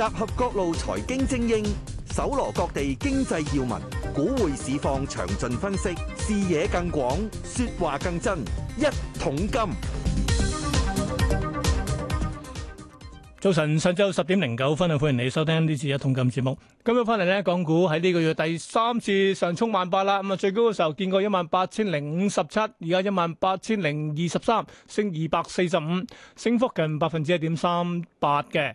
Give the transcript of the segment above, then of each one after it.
集合各路財經精英，搜羅各地經濟要聞，股匯市況詳盡分析，視野更廣，說話更真。一桶金，早晨，上晝十點零九分，歡迎你收聽呢次一桶金節目。今日翻嚟呢，港股喺呢個月第三次上沖萬八啦，咁啊，最高嘅時候見過一萬八千零五十七，而家一萬八千零二十三，升二百四十五，升幅近百分之一點三八嘅。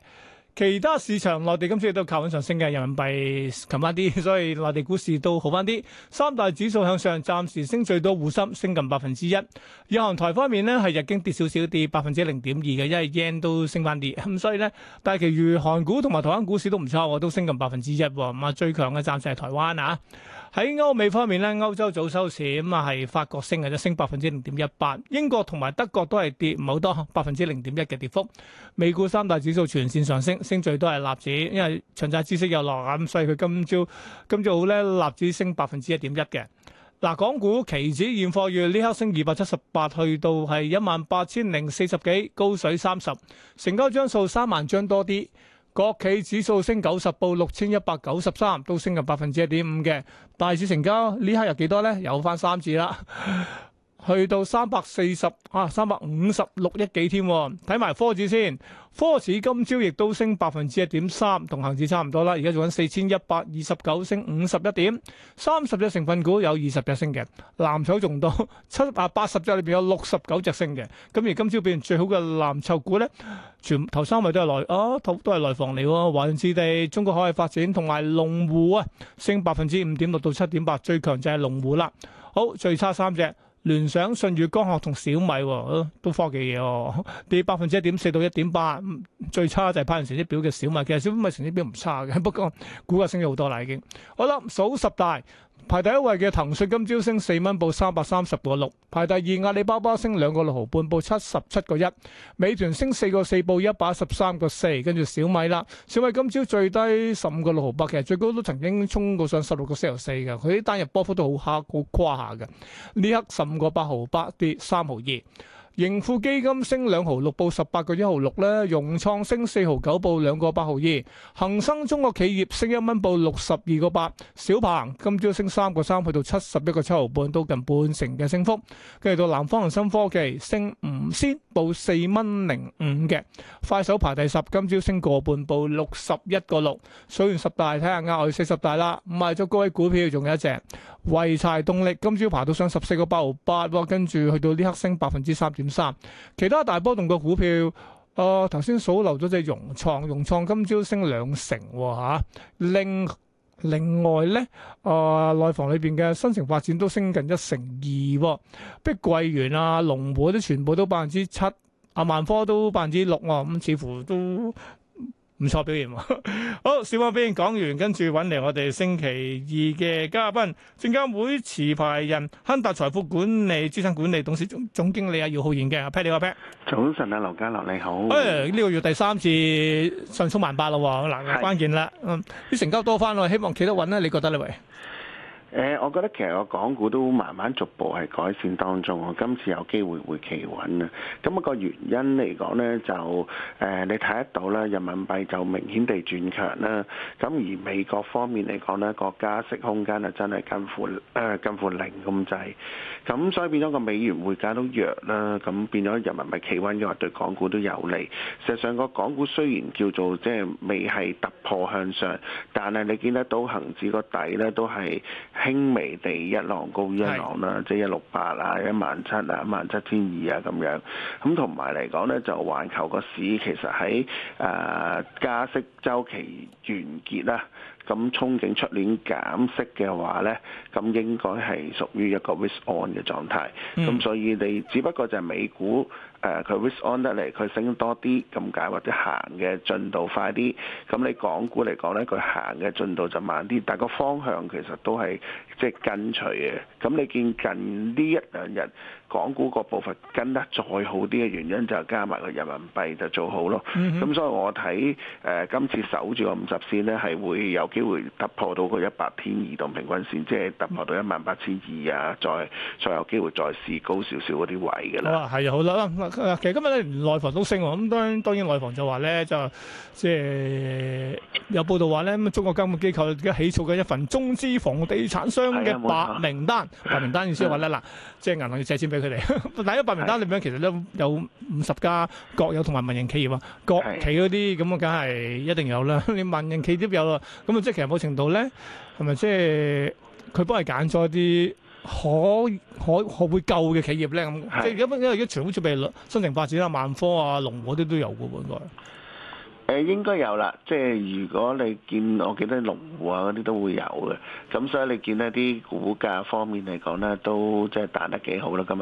其他市場，內地今次都靠緊上升嘅，人民幣近翻啲，所以內地股市都好翻啲。三大指數向上，暫時升最多滬深，升近百分之一。日韓台方面呢，係日經跌少少跌百分之零點二嘅，因為 yen 都升翻啲，咁、嗯、所以呢，但係其餘韓股同埋台灣股市都唔錯，我都升近百分之一。咁啊，最強嘅暫時係台灣啊！喺歐美方面咧，歐洲早收市咁啊，係法國升嘅，升百分之零點一八。英國同埋德國都係跌唔好多，百分之零點一嘅跌幅。美股三大指數全線上升，升最多係納指，因為長債孳息又落眼，所以佢今朝今朝好咧，納指升百分之一點一嘅。嗱，港股期指現貨月呢刻升二百七十八，去到係一萬八千零四十幾，高水三十，成交張數三萬張多啲。國企指數升九十，報，六千一百九十三，都升咗百分之一點五嘅。大市成交呢刻有幾多少呢？有返三字啦。 去到三百四十啊，三百五十六億幾添？睇埋科指先，科指今朝亦都升百分之一點三，同恒指差唔多啦。而家做緊四千一百二十九，升五十一點，三十隻成分股有二十隻升嘅，藍籌仲到七百八十隻裏邊有六十九隻升嘅。咁而今朝變最好嘅藍籌股咧，全頭三位都係內啊，都係內房嚟喎，華潤置地、中國海外發展同埋龍湖啊，升百分之五點六到七點八，最強就係龍湖啦。好，最差三隻。聯想、信譽、光學同小米喎，哦，都科技嘢喎，跌，哦、百分之一點四到一點八，最差就係派人成績表嘅小米，其實小米成績表唔差嘅，不過股價升咗好多啦已經。好啦數十大。排第一位嘅騰訊今朝升四蚊，報三百三十個六。排第二阿里巴巴升兩個六毫半，報七十七個一。美團升四個四，報一百一十三個四。跟住小米啦，小米今朝最低十五個六毫八，其實最高都曾經衝過上十六個四毫四嘅。佢啲單日波幅都好下，好誇下嘅。呢刻十五個八毫八跌三毫二。盈富基金升兩毫六，報十八個一毫六咧；融創升四毫九，報兩個八毫二；恒生中國企業升一蚊，報六十二個八；小鵬今朝升三個三，去到七十一個七毫半，都近半成嘅升幅。跟住到南方恒生科技升五仙，報四蚊零五嘅；快手排第十，今朝升個半，報六十一個六。數完十大，睇下額外四十大啦。賣咗各位股票仲有一隻，偉財動力今朝爬到上十四個八毫八，跟住去到呢刻升百分之三點三，其他大波動嘅股票，啊、呃，頭先數漏咗隻融創，融創今朝升兩成吓，另另外咧，啊，內、呃、房裏邊嘅新城發展都升近一成二，啊、碧桂園啊，龍湖都全部都百分之七，啊，萬科都百分之六，啊。咁似乎都。唔錯表現喎， 好笑話一邊講完，跟住揾嚟我哋星期二嘅嘉賓，證監會持牌人，亨達財富管理資產管理董事總總經理啊，姚浩然嘅，阿 Peter 啊 Peter 早晨啊，劉家樂你好，誒呢、哎呢個月第三次上沖萬八啦，嗱是關鍵啦，嗯啲成交多翻喎，希望企得穩啦，你覺得呢咧？喂誒，我覺得其實個港股都慢慢逐步係改善當中，我今次有機會會企穩啦。咁、那、一個原因嚟講呢，就誒、呃、你睇得到咧，人民幣就明顯地轉強啦。咁而美國方面嚟講呢，個加息空間啊真係近乎誒、呃、近乎零咁滯。咁所以變咗個美元匯價都弱啦。咁變咗人民幣企穩嘅話，對港股都有利。實際上個港股雖然叫做即係未係突破向上，但係你見得到恒指個底呢都係，輕微地一浪高於一浪啦，是即係一六八啊，一萬七啊，一萬七千二啊咁樣。咁同埋嚟講呢，就環球個市其實喺誒、呃、加息周期完結啦，咁憧憬出年減息嘅話呢，咁應該係屬於一個 risk on 嘅狀態。咁、嗯、所以你只不過就係美股。誒佢、啊、risk on 得嚟，佢升多啲咁解，或者行嘅進度快啲。咁你港股嚟講咧，佢行嘅進度就慢啲，但個方向其實都係即係跟隨嘅。咁你見近呢一兩日，港股個部分跟得再好啲嘅原因就加埋個人民幣就做好咯，咁、嗯、哼所以我睇誒、呃、今次守住個五十線呢，係會有機會突破到個一百天移動平均線，即係突破到一萬八千二啊，再再有機會再試高少少嗰啲位嘅。好啊，係啊，好啦，其實今日咧內房都升喎，咁當然當然內房就話呢，就即係有報道話呢，中國金融機構而家起草嘅一份中資房地產商嘅白名單，白錯名單意思話呢，嗱，即係銀行要借錢。佢哋第一百名單裏面，其實都有五十家國有同埋民營企業啊，國企嗰啲咁啊，梗係一定有啦。你民營企業都有啦，咁啊，即係其實某程度咧，係咪即係佢幫你揀咗一啲可可可會救嘅企業咧？咁即係的因為因為一場好似譬如新城發展啊、萬科啊、龍和啲都有嘅喎，應該。誒應該有啦，即係如果你見我記得龍湖啊嗰啲都會有嘅，咁所以你見一啲股價方面嚟講呢，都即係彈得幾好啦今日。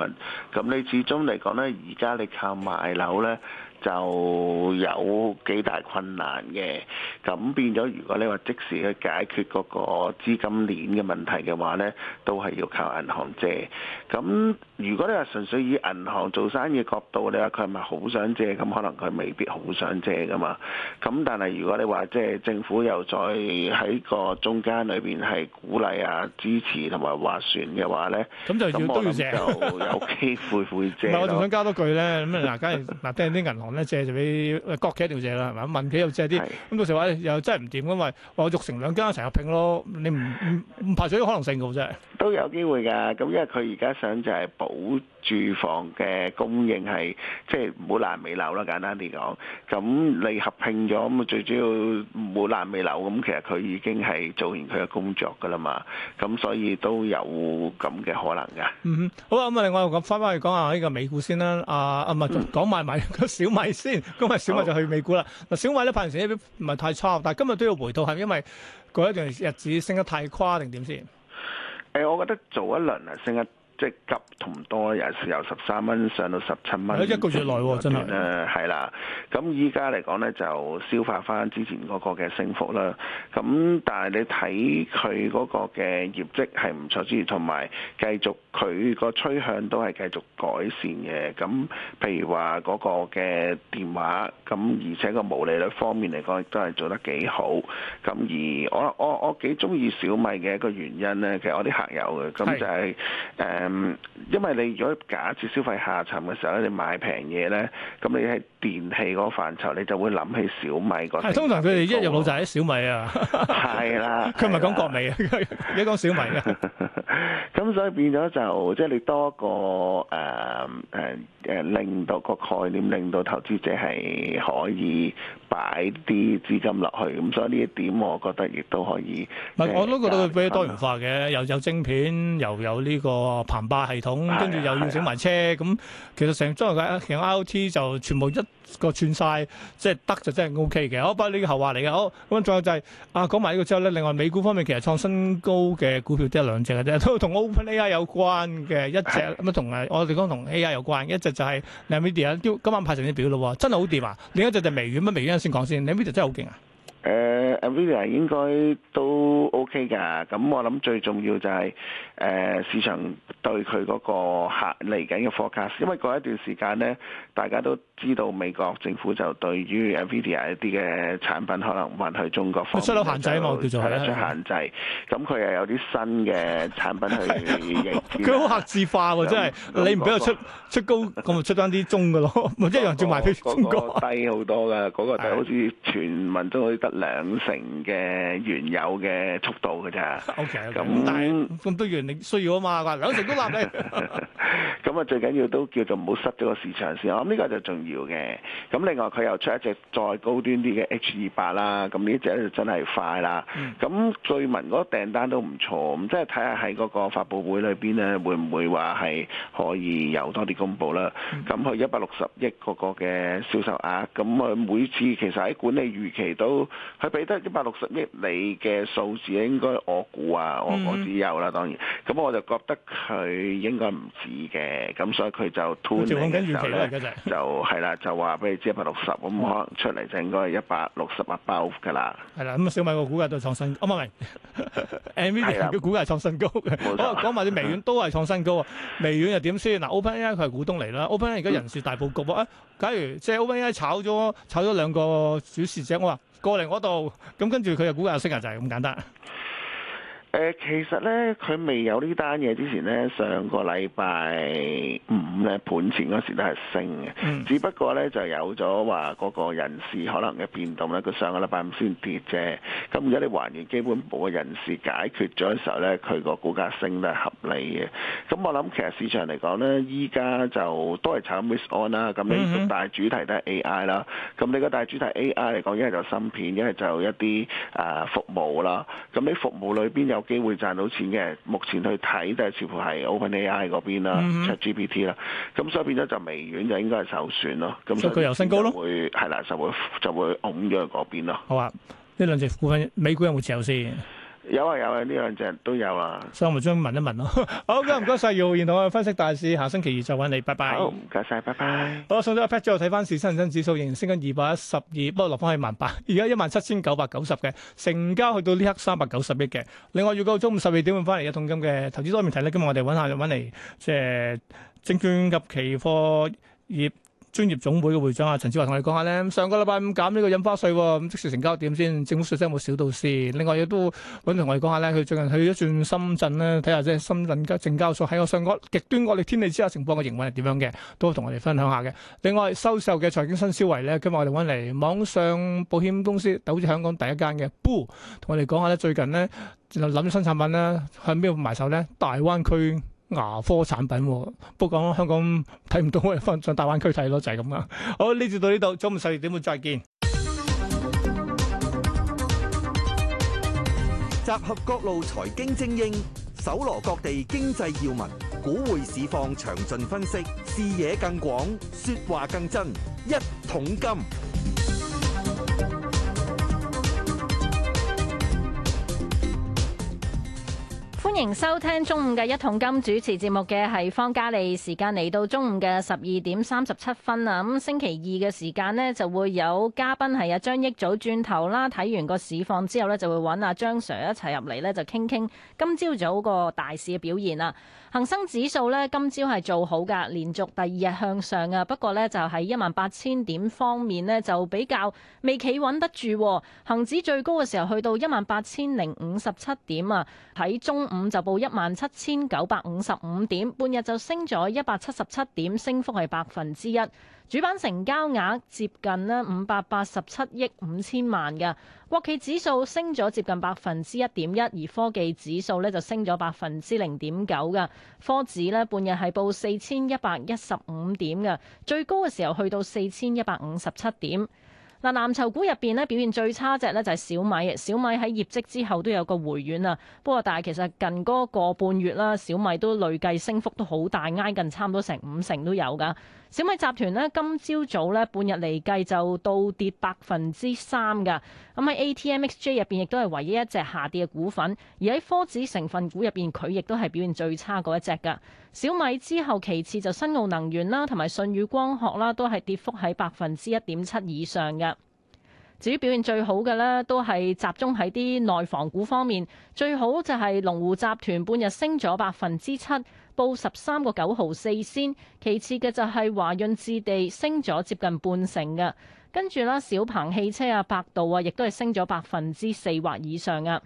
咁你始終嚟講呢，而家你靠賣樓呢。就有幾大困難嘅，咁變咗，如果你話即時去解決嗰個資金鏈嘅問題嘅話呢，都係要靠銀行借。咁如果你話純粹以銀行做生意角度，你話佢係咪好想借？咁可能佢未必好想借㗎嘛。咁但係如果你話即係政府又再喺個中間裏邊係鼓勵啊、支持同埋斡旋嘅話呢，咁就要都要 就有機會會借。唔係， 我仲想加多句呢。借就俾國企一定要借啦，係嘛？民企又借啲，咁是到時話又真係唔掂咁，咪我續成兩家一齊合併咯？你唔唔唔排除可能性成個啫，都有機會噶，咁因為佢而家想就係保。住房嘅供應係即係唔好爛尾樓啦，簡單啲講。咁你合併咗，咁最主要唔好爛尾樓，咁其實佢已經係做完佢嘅工作噶啦嘛。咁所以都有咁嘅可能嘅。嗯哼，好啊，咁啊，另外又講翻翻去講下呢個美股先啦。阿阿唔係講埋埋個小米先。咁啊，小米就去美股啦。嗱，小米咧，派完錢唔係太差，但係今日都要回到，係咪因為嗰一段日子升得太誇定點先？誒，我覺得早一輪啊，升得～即急同多，是由十三蚊上到十七蚊。喺一個月內喎，啊，真係。誒係啦，咁依家嚟講咧就消化翻之前嗰個嘅升幅啦。咁但係你睇佢嗰個嘅業績係唔錯之餘，同埋繼續佢個趨向都係繼續改善嘅。咁譬如話嗰個嘅電話，咁而且個毛利率方面嚟講亦都係做得幾好。咁而我我我幾中意小米嘅一個原因咧，其、就、實、是、我啲客有嘅，咁就係、是、誒。是呃嗯，因為你如果假設消費下沉嘅時候咧，你買平嘢呢，咁你係電器嗰範疇，你就會諗起小米嗰。通常佢哋一入腦仔，小米啊。係啦。佢唔係講國美啊，你講小米啊。咁所以變咗就即係你多個誒誒誒，令到個概念，令到投資者係可以擺啲資金落去。咁所以呢一點，我覺得亦都可以。唔係，我都覺得佢比較多元化嘅，又有晶片，又有呢個澎湃系統，跟住又要整埋車。咁其實成裝入架，其實 IoT 就全部一。個串晒即係得就真係 OK 嘅，好、哦、不過呢個後話嚟嘅，好、哦、咁。再有就係、是、啊講埋呢個之後咧，另外美股方面其實創新高嘅股票都得兩隻嘅啫，都同 OpenAI 有關嘅一隻咁啊，同啊我哋講同 AI 有關，一隻就係 Nvidia，今晚派成啲表咯，真係好掂啊！另一隻就係微軟，乜微軟先講先 Nvidia 真係好勁啊！誒，Nvidia、uh，應該都 OK 㗎。咁我諗最重要就係、是、誒、呃、市場對佢嗰個客嚟緊嘅 forecast。Fore cast，因為過一段時間咧，大家都知道美國政府就對於 Nvidia 一啲嘅產品可能運去中國，出口限制嘛，叫做係出口限制。咁佢、嗯、又有啲新嘅產品去佢好 客製化喎、啊，真係 你唔俾我出出高，我咪出翻啲中㗎咯，咪一樣照賣俾中國。 低好多㗎，嗰 個就好似全民都可以得。兩成嘅原有嘅速度嘅啫，咁但咁多原力需要啊嘛，話 兩成都冇咧。咁啊，最緊要都叫做唔好失咗個市場先，我諗呢個就重要嘅。咁另外佢又出一隻再高端啲嘅 H 二八啦，咁呢隻咧就真係快啦。咁據、嗯、聞嗰訂單都唔錯，咁即係睇下喺嗰個發布會裏邊咧，會唔會話係可以有多啲公布啦？咁佢一百六十億個個嘅銷售額，咁佢每次其實喺管理預期都。佢俾得一百六十億，你嘅數字應該我估啊，我我只有啦。當然咁我就覺得佢應該唔止嘅，咁所以佢就 to 零嘅時候咧，就係啦，就話俾你知一百六十咁，可能出嚟就應該一百六十八包㗎啦。係啦，咁小米個估價都創新高，啊唔係，Nvidia 嘅估價係創新高嘅沒錯笑。好講埋啲微軟都係創新高啊！微軟又點先嗱？OpenAI 佢係股東嚟啦，OpenAI 而家人事大佈局啊！假如即係 OpenAI 炒咗炒咗兩個小時啫，我話。過嚟我度，咁跟住佢就估價升價就係咁簡單。誒其實咧，佢未有呢單嘢之前咧，上個禮拜五咧盤前嗰時都係升嘅。Mm hmm. 只不過咧就有咗話嗰個人事可能嘅變動咧，佢上個禮拜五先跌啫。咁而家你還原基本步嘅人事解決咗嘅時候咧，佢個股價升都係合理嘅。咁我諗其實市場嚟講咧，依家就都係炒 miss on 啦。咁你大主題都係 AI 啦。咁你個大主題 AI 嚟講，一係就芯片，一係就一啲誒服務啦。咁你服務裏邊有機會賺到錢嘅，目前去睇都係似乎係 OpenAI 嗰邊啦，ChatGPT 啦，咁、嗯、所以變咗就微軟就應該係受損咯，咁、嗯、所以佢有新高咯，係啦，就會就會拱咗去嗰邊咯。好啊，呢兩隻股份，美股有冇持有先？有啊有啊，呢兩隻都有啊，所以我咪想問一問咯。好、 okay，咁唔該晒。姚浩然同我哋分析大市，下星期二再揾你，拜拜。好，唔該晒。拜拜。好，送咗一 pat 之後睇翻市，恆生指數仍然升緊二百一十二，不過落翻去萬八，而家一萬七千九百九十，嘅成交去到呢刻三百九十億嘅。另外要到中午十二點半翻嚟一桶金嘅投資多面睇咧，今日我哋揾下揾嚟即係證券及期貨業。專業總會嘅會長啊，陳志華同你講下咧，上個禮拜五減呢個印花稅喎、哦，咁即時成交點先？政府稅真有冇少到先。另外亦都揾同我哋講下咧，佢最近去咗轉深圳咧，睇下即係深圳嘅證交所喺個上個極端惡劣天氣之下情況嘅營運係點樣嘅，都同我哋分享下嘅。另外收售嘅財經新消維咧，今日我哋揾嚟網上保險公司，好似香港第一間嘅，同我哋講下咧，最近咧諗啲新產品啦，向邊度埋手咧？大灣區。牙科、啊、產品、啊，不過香港睇唔到，我翻上大灣區睇咯，就係咁啦。 好，呢節到呢度，中午十二點會再見。集合各路財經精英，搜羅各地經濟要聞，股匯市況詳盡分析，視野更廣，說話更真，一桶金。歡迎收聽中午嘅一桶金，主持節目嘅係方嘉利。時間嚟到中午嘅十二點三十七分啦。咁星期二嘅時間呢，就會有嘉賓係阿張益祖轉頭啦，睇完個市況之後呢，就會揾阿張 Sir 一齊入嚟呢，就傾傾今朝早個大市嘅表現啦。恒生指數呢，今朝係做好㗎，連續第二日向上啊！不過呢，就喺一萬八千點方面呢，就比較未企穩得住。恒指最高嘅時候去到一萬八千零五十七點啊，喺中午就報一萬七千九百五十五點，半日就升咗一百七十七點，升幅係百分之一。主板成交額接近咧五百八十七億五千萬嘅，國企指數升咗接近百分之一點一，而科技指數咧就升咗百分之零點九嘅。科指咧半日係報四千一百一十五點嘅，最高嘅時候去到四千一百五十七點。嗱，藍籌股入邊咧，表現最差隻咧就係小米，小米喺業績之後都有個回軟啊。不過，但係其實近嗰個半月啦，小米都累計升幅都好大，挨近差唔多成五成都有㗎。小米集團咧，今朝早咧半日嚟計就倒跌百分之三嘅，咁喺 ATMXJ 入邊亦都係唯一一隻下跌嘅股份，而喺科指成分股入邊，佢亦都係表現最差嗰一隻嘅。小米之後其次就新奧能源啦，同埋舜宇光學啦，都係跌幅喺百分之一點七以上嘅。至於表現最好嘅呢，都係集中喺啲內房股方面，最好就係龍湖集團半日升咗百分之七。報十三個九毫四仙，其次嘅就係華潤置地升咗接近半成嘅，跟住啦，小鵬汽車啊、百度啊，亦都係升咗百分之四或以上嘅。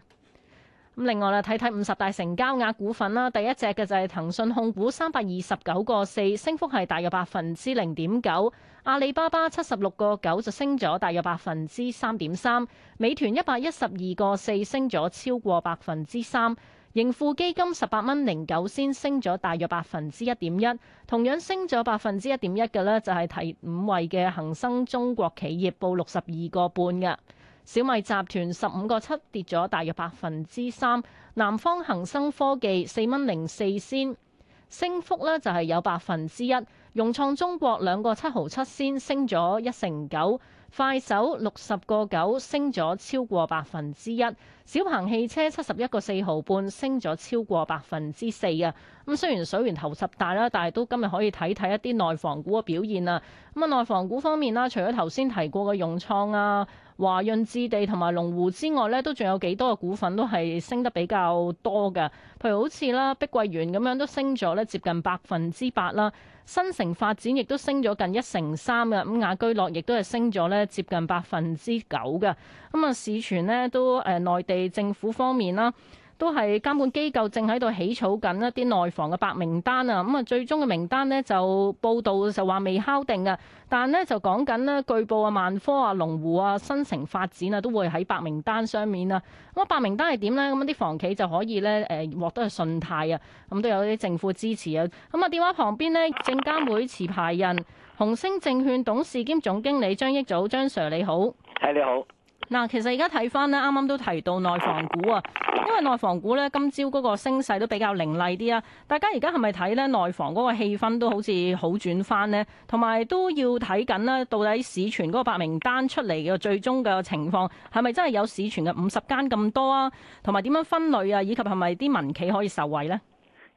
另外啦，睇睇五十大成交額股份啦，第一隻嘅就係騰訊控股三百二十九個四，升幅係大約百分之零點九；阿里巴巴七十六個九就升咗大約百分之三點三；美團一百一十二個四升咗超過百分之三。盈富基金十八蚊零九仙升咗，大約百分之一點一。同樣升咗百分之一點一嘅呢，就係第五位嘅恒生中國企業報六十二個半嘅小米集團十五個七跌咗，大約百分之三。南方恒生科技四蚊零四仙升幅呢，就係有百分之一。融創中國兩個七毫七仙升咗一成九。快手六十個九升咗超過百分之一，小鵬汽車七十一個四毫半升咗超過百分之四啊！咁雖然水源頭十大啦，但係都今日可以睇睇一啲內房股嘅表現啦。咁啊，內房股方面啦，除咗頭先提過嘅融創啊。華潤置地同埋龍湖之外咧，都仲有幾多嘅股份都係升得比較多嘅，譬如好似啦，碧桂園咁樣都升咗咧，接近百分之八啦，新城發展亦都升咗近一成三嘅，咁雅居樂亦都係升咗咧，接近百分之九嘅，咁啊、嗯、市傳咧都誒呃、內地政府方面啦。都係監管機構正喺度起草緊一啲內房嘅白名單啊，咁啊最終嘅名單呢，就報導就話未敲定嘅，但呢，就講緊呢據報啊萬科啊龍湖啊新城發展啊都會喺白名單上面啊，咁啊白名單係點呢？咁啲房企就可以呢誒獲得嘅信貸啊，咁都有啲政府支持啊，咁啊電話旁邊呢，證監會持牌人紅星證券董事兼總經理張益祖張 Sir 你好，係、hey，你好。嗱，其實而家睇翻呢啱啱都提到內房股啊，因為內房股呢，今朝嗰個升勢都比較凌厲啲啊。大家而家係咪睇呢內房嗰個氣氛都好似好轉翻呢？同埋都要睇緊呢，到底市傳嗰個白名單出嚟嘅最終嘅情況係咪真係有市傳嘅五十間咁多啊？同埋點樣分類啊？以及係咪啲民企可以受惠呢？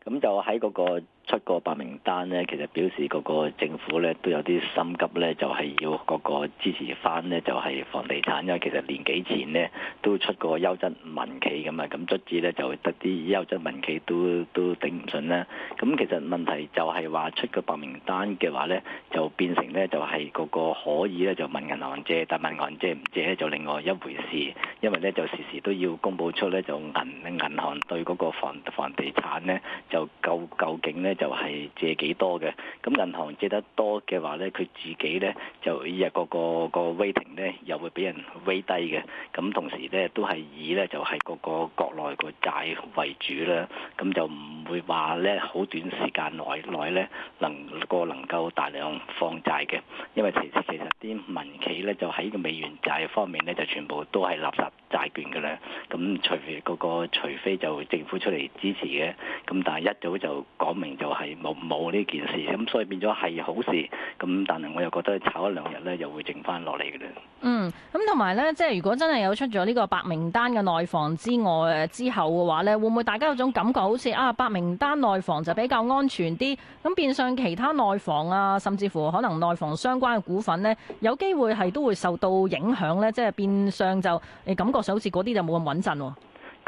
咁就喺嗰個。出個白名單咧，其實表示個個政府咧都有啲心急咧，就係要個個支持翻咧，就係房地產，因為其實年幾前咧都出過優質民企咁啊，咁卒之咧就得啲優質民企都都頂唔順啦。咁其實問題就係話出個白名單嘅話咧，就變成咧就係個個可以咧就問銀行借，但問銀行借唔借咧就另外一回事。因為咧就時時都要公布出咧就銀銀行對嗰個房房地產咧就究究竟咧，就係借幾多嘅，咁銀行借得多嘅話呢，佢自己呢，就日、個個個 rating 呢又會俾人威低嘅，咁同時呢，都係以呢，就係、是、個個國內個債為主啦，咁就唔會話呢，好短時間內內呢能，能夠能夠大量放債嘅，因為其實其實啲民企呢，就喺個美元債方面呢，就全部都係垃圾債券㗎啦，咁除非嗰個除非就政府出嚟支持嘅，咁但係一早就講明就。係冇冇呢件事，咁所以變咗係好事。咁但係我又覺得炒一兩日呢，又會剩翻落嚟嘅咧。嗯，咁同埋呢，即係如果真係有出咗呢個白名單嘅內房之外之後嘅話呢，會唔會大家有種感覺好似啊，白名單內房就比較安全啲？咁變相其他內房啊，甚至乎可能內房相關嘅股份呢，有機會係都會受到影響呢。即係變相就誒感覺上好似嗰啲就冇咁穩陣喎、啊。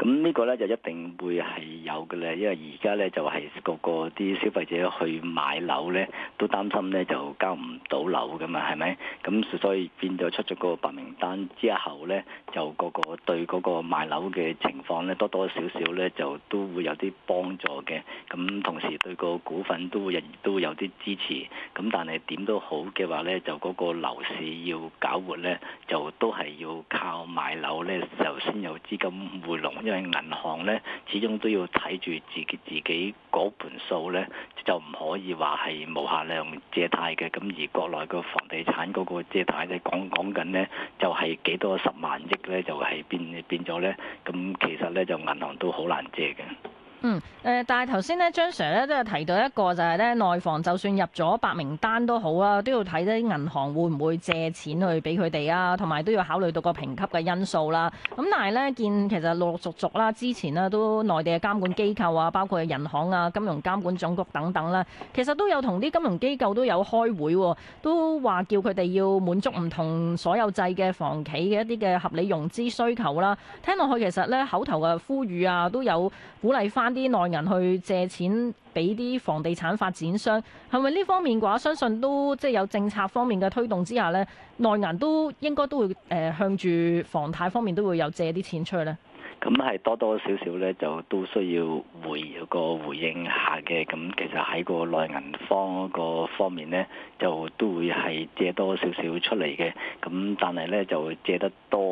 咁呢個呢就一定會係有嘅喇，因為而家呢就係、是、個個啲消費者去買樓呢都擔心呢就交唔到樓㗎嘛，係咪？咁所以變咗出咗個白名單之後呢，就個個對嗰個賣樓嘅情況呢，多多少少呢就都會有啲幫助嘅。咁同時對個股份都會亦都會有啲支持。咁但係點都好嘅話呢，就嗰個樓市要搞活呢，就都係要靠買樓呢，就先有資金回籠。銀行咧，始終都要睇住自己自己嗰盤數咧，就唔可以話係無限量借貸嘅。咁而國內個房地產嗰個借貸咧，講講緊咧，就係幾多十萬億咧，就係變變咗咧。咁其實咧，就銀行都好難借嘅。嗯，誒，但係頭先咧，張 Sir 咧都係提到一個就係咧，內房就算入咗白名單都好啊，都要睇啲銀行會唔會借錢去俾佢哋啊，同埋都要考慮到個評級嘅因素啦。咁但係咧，見其實陸陸續續啦，之前咧都內地嘅監管機構啊，包括銀行啊、金融監管總局等等啦，其實都有同啲金融機構都有開會，都話叫佢哋要滿足唔同所有制嘅房企嘅一啲嘅合理融資需求啦。聽落去其實咧，口頭嘅呼籲啊，都有鼓勵翻。啲內銀去借錢俾啲房地產發展商，係咪呢方面嘅話，相信都即係有政策方面嘅推動之下咧，內銀都應該都會誒向住房貸方面都會有借啲錢出去咧。咁係多多少少咧，就都需要回個回應下嘅。咁其實喺個內銀方嗰個方面咧，就都會係借多多少少出嚟嘅。咁但係咧，就借得多。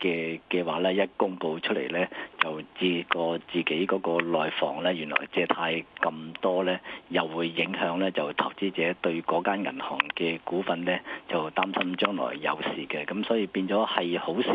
嘅嘅話咧，一公佈出嚟咧，就自個自己嗰個內房咧，原來借貸咁多咧，又會影響咧，就投資者對嗰間銀行嘅股份咧，就擔心將來有事嘅。咁所以變咗係好事，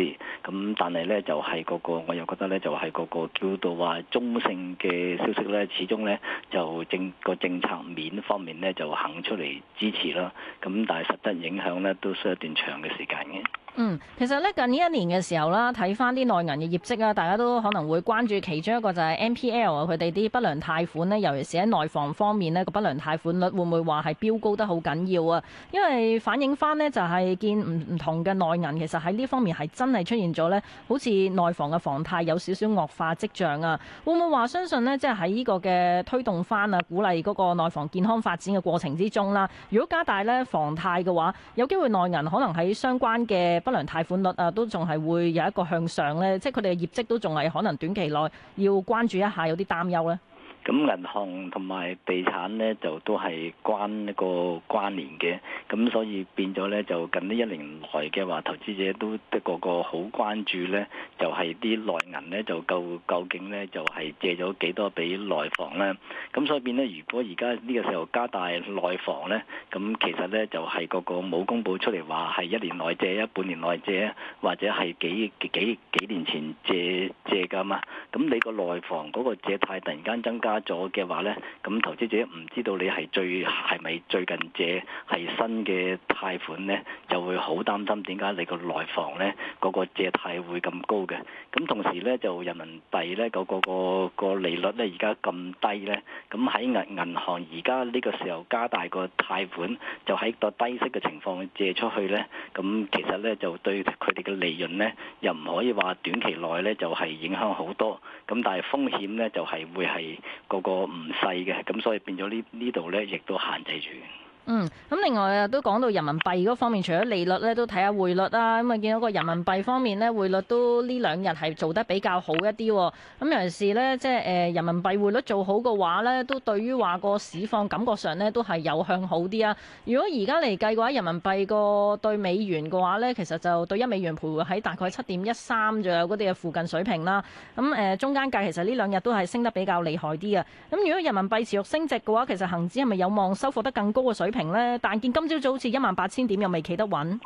咁但係咧就係、係、嗰、嗰個，我又覺得咧就係嗰、嗰個叫做話中性嘅消息咧，始終咧就政個政策面方面咧就行出嚟支持咯。咁但係實質影響咧都需要一段長嘅時間嘅。嗯，其實咧近呢一年嘅時候啦，睇翻啲內銀嘅業績啊，大家都可能會關注其中一個就係 NPL 啊，佢哋啲不良貸款呢，尤其是喺內房方面呢，個不良貸款率會唔會話係飆高得好緊要啊？因為反映翻呢，就係、是、見唔唔同嘅內銀其實喺呢方面係真係出現咗呢，好似內房嘅房貸有少少惡化跡象啊，會唔會話相信呢？即係喺呢個嘅推動翻啊，鼓勵嗰個內房健康發展嘅過程之中啦，如果加大呢房貸嘅話，有機會內銀可能喺相關嘅。不良貸款率啊，都仲係會有一個向上咧，即係佢哋嘅業績都仲係可能短期內要關注一下，有啲擔憂。咁銀行同埋地產咧，就都係關一個關聯嘅，咁所以變咗咧，就近呢一年來嘅話，投資者都得個個好關注咧，就係、是、啲內銀咧，就究究竟咧，就係、是、借咗幾多俾內房咧？咁所以變咧，如果而家呢個時候加大內房咧，咁其實咧就係、是、個個冇公布出嚟話係一年內借，一半年內借，或者係幾幾幾年前借借㗎嘛？咁你個內房嗰個借貸突然間增加咗嘅話呢，咁投資者唔知道你係最係咪最近借係新嘅貸款呢，就會好擔心點解你個內房呢，嗰個借貸會咁高嘅？咁同時呢，就人民幣呢，嗰個個個利率呢，而家咁低呢，咁喺銀銀行而家呢個時候加大個貸款，就喺個低息嘅情況借出去呢。咁其實呢，就對佢哋嘅利潤呢，又唔可以話短期內呢，就係影響好多，咁但係風險呢，就係會係。個個唔細嘅，咁所以變咗呢呢度咧，亦都限制住。嗯，咁另外啊，都講到人民幣嗰方面，除咗利率咧，都睇下匯率啦。咁啊，見到個人民幣方面咧，匯率都呢兩日係做得比較好一啲。咁尤其是咧，即係誒人民幣匯率做好嘅話咧，都對於話個市況感覺上咧都係有向好啲啊。如果而家嚟計嘅話，人民幣個對美元嘅話咧，其實就對一美元徘徊喺大概七點一三左右嗰啲嘅附近水平啦。咁、啊、誒、呃、中間價其實呢兩日都係升得比較厲害啲啊，咁如果人民幣持續升值嘅話，其實恒指係咪有望收復得更高嘅水平？平咧，但見今朝早好似一萬八千點，又未企得穩。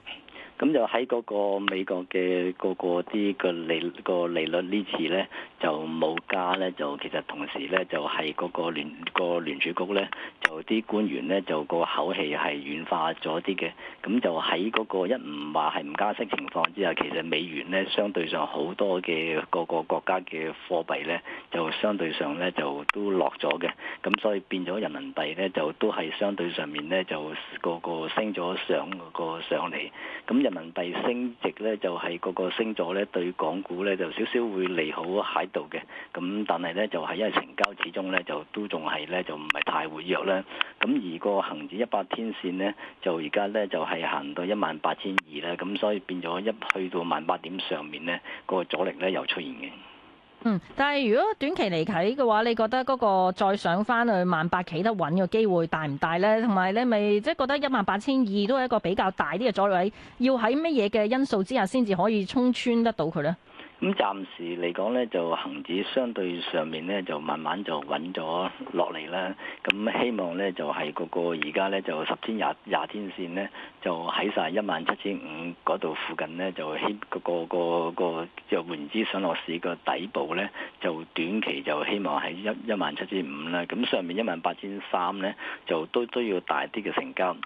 咁就喺嗰個美國嘅個個啲個利個利率呢、嗰個、次呢，就冇加呢。就其實同時呢，就係、係、個個聯、嗰個聯儲局呢，就啲官員呢，就個口氣係軟化咗啲嘅，咁就喺嗰個一唔話係唔加息情況之下，其實美元呢，相對上好多嘅個個國家嘅貨幣呢，就相對上呢，就都落咗嘅，咁所以變咗人民幣呢，就都係相對上面呢，就個個升咗上個上嚟，咁。人民幣升值咧，就係、是、個個升咗咧，對港股咧就少少會利好喺度嘅。咁但係咧，就係、就是、因為成交始終咧，就都仲係咧，就唔係太活躍咧。咁而個恆指一百天線咧，就而家咧就係、是、行到一萬八千二啦。咁所以變咗一去到萬八點上面咧，個阻力咧又出現嘅。嗯，但係如果短期嚟睇嘅話，你覺得嗰個再上返去萬八企得穩嘅機會大唔大呢？同埋你咪即係覺得一萬八千二都係一個比較大啲嘅阻力，要喺乜嘢嘅因素之下先至可以衝穿得到佢呢？咁暫時嚟講咧，就恆指相對上面咧，就慢慢就穩咗落嚟啦。咁希望咧，就係、是、個個而家咧，就十天廿廿天線咧，就喺晒一萬七千五嗰度附近咧，就牽、嗰個、嗰個、嗰個個即換資上落市嘅底部咧，就短期就希望係一一萬七千五啦。咁上面一萬八千三咧，就都都要大啲嘅成交。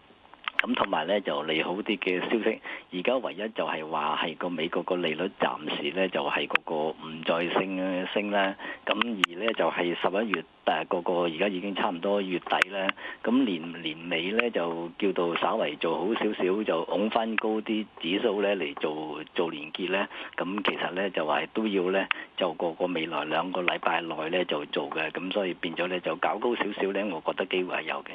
咁同埋咧就利好啲嘅消息，而家唯一就係話係個美國個利率暫時咧就係個個唔再升升啦，咁而咧就係十一月，但係個個而家已經差唔多月底咧，咁年年尾咧就叫到稍微做好少少就拱翻高啲指數咧嚟做做連結咧，咁其實咧就係都要咧就個個未來兩個禮拜內咧就做嘅，咁所以變咗咧就搞高少少咧，我覺得機會係有嘅。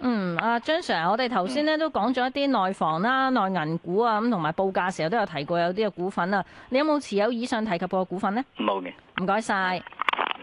嗯，阿張 Sir，我哋頭先咧都講咗一啲內房啦、內銀股啊，咁同埋報價時候都有提過有啲嘅股份啊。你有冇持有以上提及過嘅股份呢？冇嘅。唔該晒。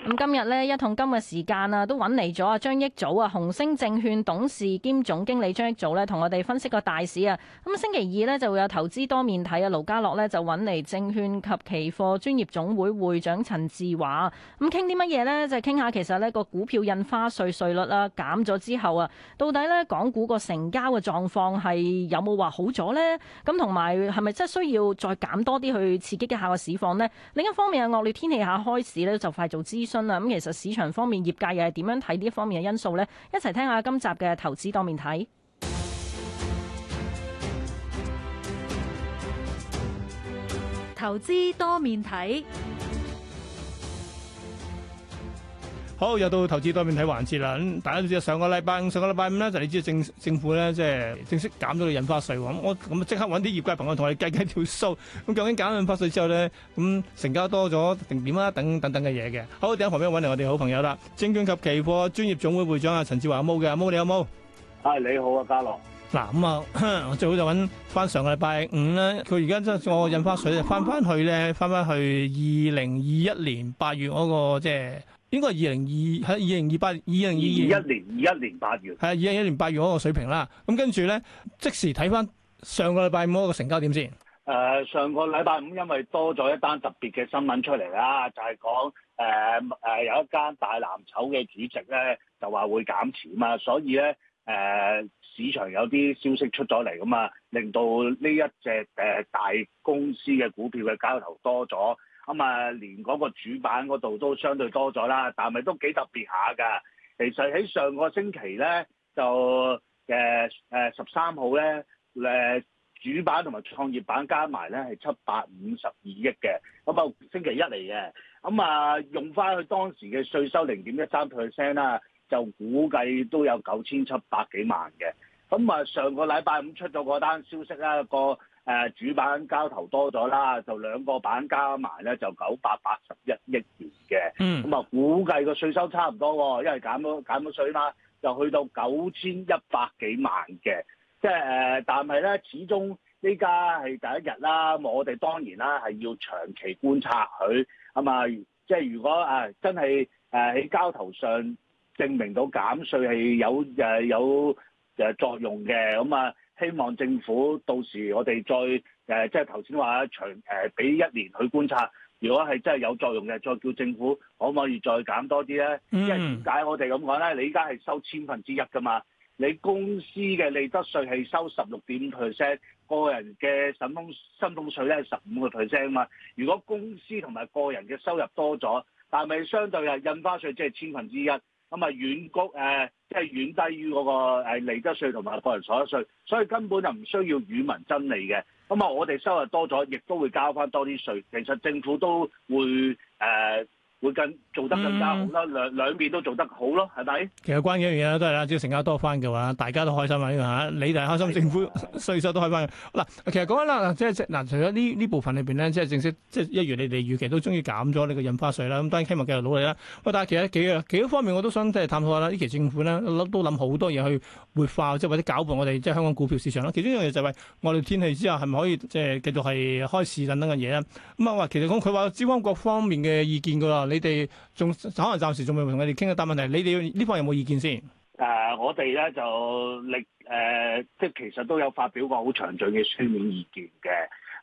咁今日呢，一同今日時間啊，都揾嚟咗啊張益祖啊，紅星證券董事兼總經理張益祖呢，同我哋分析個大市啊。咁星期二呢，就會有投資多面睇啊，盧家樂呢，就揾嚟證券及期貨專業總會會長陳志華。咁傾啲乜嘢呢？就係傾下其實呢個股票印花稅稅率啦減咗之後啊，到底呢港股個成交嘅狀況係有冇話好咗呢？咁同埋係咪真係需要再減多啲去刺激一下個市況呢？另一方面啊，惡劣天氣下開市呢，就快做諮詢。咁其實市場方面，業界又係點樣睇呢一方面嘅因素呢？一齊聽下今集嘅投資多面睇，投資多面睇。好，又到投資多面睇環節啦。咁大家都知道，上個禮拜五，上個禮拜五咧就你知道政政府咧即係正式減咗個印花稅喎。咁我咁即刻揾啲業界朋友同你計計條數。咁究竟減咗印花稅之後咧，咁成交多咗定點啊？等等等嘅嘢嘅。好，喺旁邊揾嚟我哋好朋友啦，證券及期貨專業總會會長阿陳志華阿毛嘅阿毛，你有冇？係，你好啊，家樂。嗱咁啊，我最好就揾翻上個禮拜五咧。佢而家即係我印花稅啊，翻翻去咧，翻翻去二零二一年八月嗰個即係。應該係二零二喺二零二八二零二二一年二一年八月係二零一年八月嗰個水平啦。咁跟住咧，即時睇翻上個禮拜五個成交點先。誒、呃、上個禮拜五因為多咗一單特別嘅新聞出嚟啦，就係講誒誒有一間大藍籌嘅主席咧就話會減持啊，所以咧誒、呃、市場有啲消息出咗嚟咁嘛，令到呢一隻誒、呃、大公司嘅股票嘅交投多咗。咁啊、嗯，連嗰個主板嗰度都相對多咗啦，但係都幾特別下㗎。其實喺上個星期咧，就誒誒十三號咧，誒、呃、主板同埋創業板加埋咧係七百五十二億嘅。咁、嗯、啊，星期一嚟嘅，咁、嗯、啊、嗯、用翻佢當時嘅稅收零點一三 percent 啦，就估計都有九千七百幾萬嘅。咁、嗯、啊、嗯，上個禮拜五出咗嗰單消息啦，個。誒主板交投多咗啦，就兩個板加埋咧就九百八十一億元嘅，咁啊、嗯、估計個稅收差唔多喎，因為減咗減咗稅嘛，就去到九千一百幾萬嘅，即係誒、呃，但係咧始終呢家係第一日啦，我哋當然啦係要長期觀察佢，咁啊，即係如果啊、呃、真係誒喺交投上證明到減稅係有誒有誒作用嘅，咁、嗯、啊～、呃希望政府到時我哋再誒、呃，即係頭先話長誒，俾、呃、一年去觀察。如果係真係有作用嘅，再叫政府可唔可以再減多啲咧？因為點解我哋咁講咧？你依家係收千分之一㗎嘛？你公司嘅利得稅係收十六點五 percent，個人嘅薪俸薪俸稅咧係十五個 percent 啊嘛。如果公司同埋個人嘅收入多咗，但係相對嘅印花稅即係千分之一，咁啊遠谷誒。呃即係遠低於嗰個利得稅同埋個人所得稅，所以根本就唔需要與民爭利嘅。咁啊，我哋收入多咗，亦都會交翻多啲稅。其實政府都會誒。呃會更做得更加好啦，兩兩邊都做得好咯，係咪？其實關鍵一樣嘢都係啦，只要成交多翻嘅話，大家都開心啦。呢、這個嚇，你哋開心，的政府稅收都開翻嘅。嗱的，其實講緊啦，即係嗱，除咗呢呢部分裏邊咧，即係正式即係一如你哋預期都終於減咗呢個印花稅啦。咁當然希望繼續努力啦。喂，但係其實幾啊幾個方面我都想即係探索下啦。呢期政府咧，都諗好多嘢去活化，即係或者搞拌我哋即係香港股票市場啦。其中一樣嘢就係、是、我哋天氣之後係咪可以即係繼續係開市等等嘅嘢咧？咁啊話，其實講佢話，至於各方面嘅意見嘅話，你哋仲可能暫時仲未同佢哋傾一單問題，你哋呢方有冇意見先？誒、呃，我哋咧就力誒，即、呃、係其實都有發表過好詳盡嘅書面意見嘅。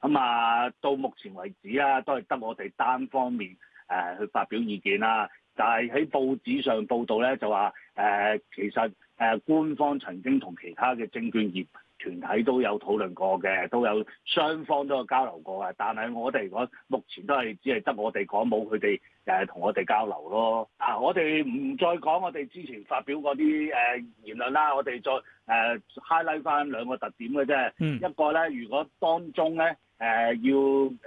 咁、嗯、啊，到目前為止啊，都係得我哋單方面誒、呃、去發表意見啦。但係喺報紙上報道咧，就話誒、呃，其實誒、呃、官方曾經同其他嘅證券業團體都有討論過嘅，都有雙方都有交流過嘅，但係我哋講目前都係只係得我哋講，冇佢哋誒同我哋交流咯。嗱、啊，我哋唔再講我哋之前發表嗰啲誒言論啦，我哋再誒、呃、highlight 翻兩個特點嘅啫。嗯、一個咧，如果當中咧誒、呃、要誒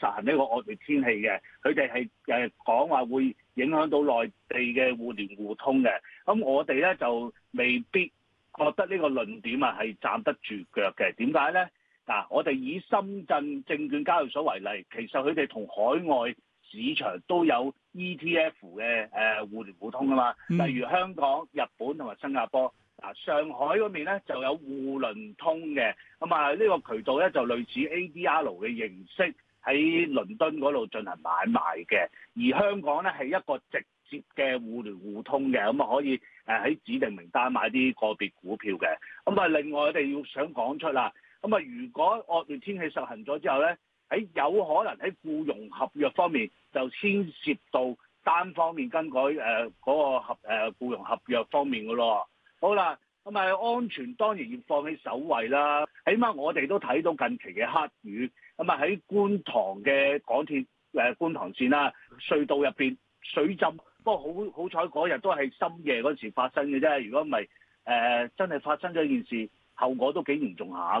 實行呢個惡劣天氣嘅，佢哋係誒講話會影響到內地嘅互聯互通嘅，咁我哋咧就未必覺得呢個論點啊係站得住腳嘅，點解呢？嗱、啊，我哋以深圳證券交易所為例，其實佢哋同海外市場都有 ETF 嘅誒、呃、互聯互通啊嘛。例如香港、日本同埋新加坡，嗱、啊、上海嗰邊呢就有互聯通嘅，咁啊呢、這個渠道呢就類似 ADR 嘅形式喺倫敦嗰度進行買賣嘅，而香港呢係一個直。接嘅互聯互通嘅，咁啊可以誒喺指定名單買啲個別股票嘅。咁啊，另外我哋要想講出啦，咁啊，如果惡劣天氣實行咗之後咧，喺有可能喺僱傭合約方面就牽涉到單方面更改誒嗰個合誒僱傭合約方面嘅咯。好啦，咁啊，安全當然要放喺首位啦。起碼我哋都睇到近期嘅黑雨，咁啊喺觀塘嘅港鐵誒、呃、觀塘線啦，隧道入邊水浸。好好都好好彩，嗰日都係深夜嗰時發生嘅啫。如果唔係，誒、呃、真係發生咗件事，後果都幾嚴重下嘅。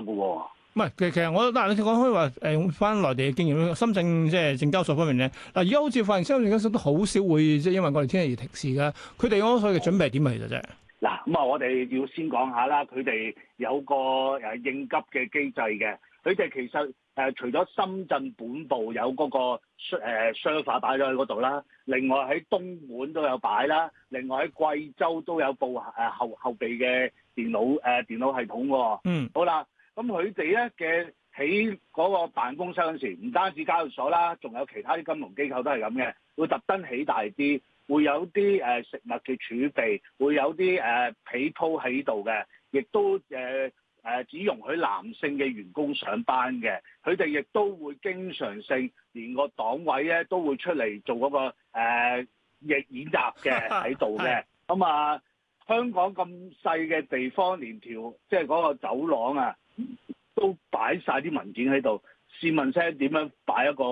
唔係，其實其實我嗱，你講開話誒，翻內地嘅經驗深圳即係證交所方面咧，嗱，而家好似發現深圳交所都好少會即係因為我哋天氣而停市嘅。佢哋嗰個所嘅準備係點啊？其實啫，嗱，咁啊，我哋要先講下啦。佢哋有個誒應急嘅機制嘅。佢哋其實誒除咗深圳本部有嗰個 server 擺咗喺嗰度啦，另外喺東莞都有擺啦，另外喺貴州都有部誒後後備嘅電腦誒、啊、電腦系統。嗯，好啦，咁佢哋咧嘅起嗰個辦公室嗰陣時，唔單止交易所啦，仲有其他啲金融機構都係咁嘅，會特登起大啲，會有啲誒食物嘅儲備，會有啲誒被鋪喺度嘅，亦都誒。呃誒只容許男性嘅員工上班嘅，佢哋亦都會經常性連個黨委咧都會出嚟做嗰、嗰個誒、呃、演習嘅喺度嘅。咁、 嗯、啊，香港咁細嘅地方，連條即係嗰個走廊啊，都擺晒啲文件喺度。試問聲點樣擺一個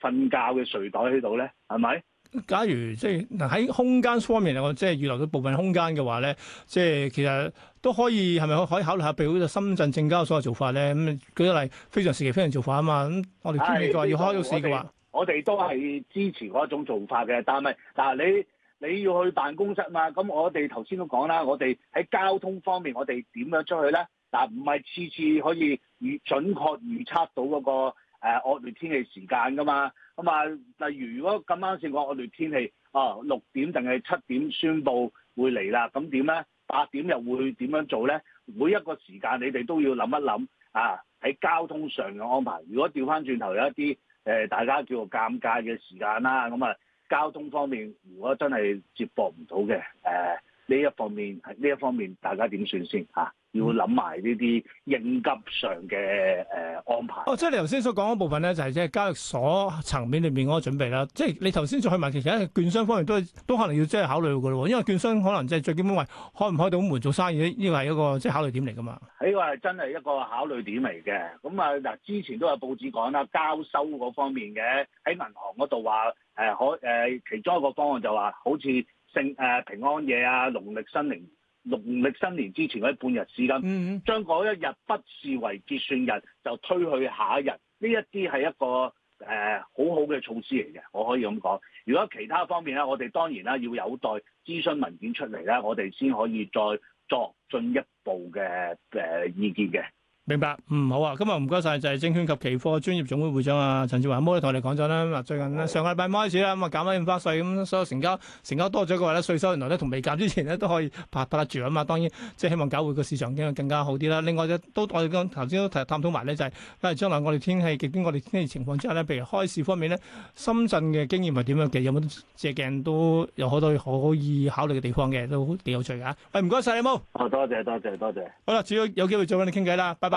瞓覺嘅睡袋喺度咧？係咪？假如即係嗱喺空間方面，我即係預留咗部分空間嘅話咧，即係其實都可以係咪可以考慮下，譬如深圳證交所嘅做法咧？咁舉例，非常時期非常做法啊嘛。咁我哋天氣就話要開市嘅話，啊，我哋都係支持嗰一種做法嘅。但係嗱，你你要去辦公室嘛？咁我哋頭先都講啦，我哋喺交通方面，我哋點樣出去咧？嗱，唔係次次可以預準確預測到嗰個。誒、啊、惡劣天氣時間噶嘛，咁啊，例如如果咁啱先講惡劣天氣，哦、啊、六點定係七點宣佈會嚟啦，咁點咧？八點又會點樣做咧？每一個時間你哋都要諗一諗啊，喺交通上嘅安排。如果調翻轉頭有一啲誒、啊，大家叫做尷尬嘅時間啦，咁啊，啊交通方面如果真係接駁唔到嘅誒。啊呢一方面係呢一方面，方面大家點算先嚇？要諗埋呢啲應急上嘅誒、呃、安排。哦，即係你頭先所講嗰部分咧，就係即係交易所層面裏面嗰個準備啦。即、就、係、是、你頭先再去埋，其實喺券商方面都都可能要即係考慮㗎咯。因為券商可能即係最基本為開唔開到門做生意，呢呢係一個即係考慮點嚟㗎嘛。呢個係真係一個考慮點嚟嘅。咁啊嗱，之前都有報紙講啦，交收嗰方面嘅喺銀行嗰度話誒可誒，其中一個方案就話、是、好似。正誒平安夜啊，農曆新年、農曆新年之前嗰啲半日時間、mm hmm. 將嗰一日不視為結算日，就推去下一日，呢一啲係一個誒、呃、好好嘅措施嚟嘅，我可以咁講，如果其他方面咧，我哋當然啦，要有待諮詢文件出嚟咧，我哋先可以再作進一步嘅誒、呃、意見嘅。明白，嗯，好啊，今日唔該晒就係證券及期貨專業總會會長啊陳志華阿 Mo 咧，同我哋講咗啦，最近咧上個禮拜開始啦，咁啊減翻印花稅，咁所有成交成交多咗嘅話咧稅收原來咧同未減之前咧都可以拍，拍得住啊嘛，當然即係希望搞會個市場更加好啲啦、啊。另外咧都我哋頭先都探探討埋咧就係，因為將來我哋天氣極端，我哋天氣情況之下咧，譬如開市方面咧，深圳嘅經驗係點樣嘅？有冇借鏡都有好多可以考慮嘅地方嘅，都幾有趣噶、啊。喂、哎，唔該晒阿 Mo 多謝多謝多謝。多謝多謝好啦、啊，主要有機會再搵你傾偈啦，拜，拜。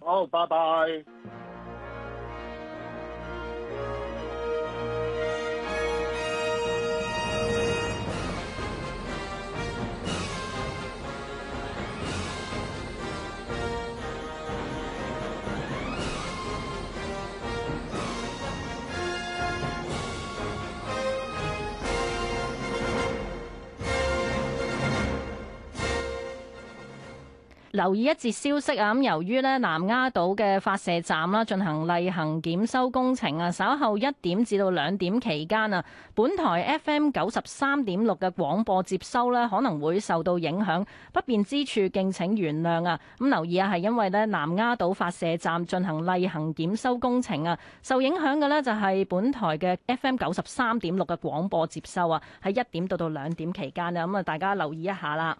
好，拜拜。留意一節消息啊！咁由於呢南丫島嘅發射站啦進行例行檢修工程啊，稍後一點至到兩點期間啊，本台 FM 九十三點六嘅廣播接收呢可能會受到影響，不便之處敬請原諒啊！咁留意啊，係因為呢南丫島發射站進行例行檢修工程啊，受影響嘅呢就係本台嘅 FM 九十三點六嘅廣播接收啊，喺一點到到兩點期間啊，咁啊大家留意一下啦。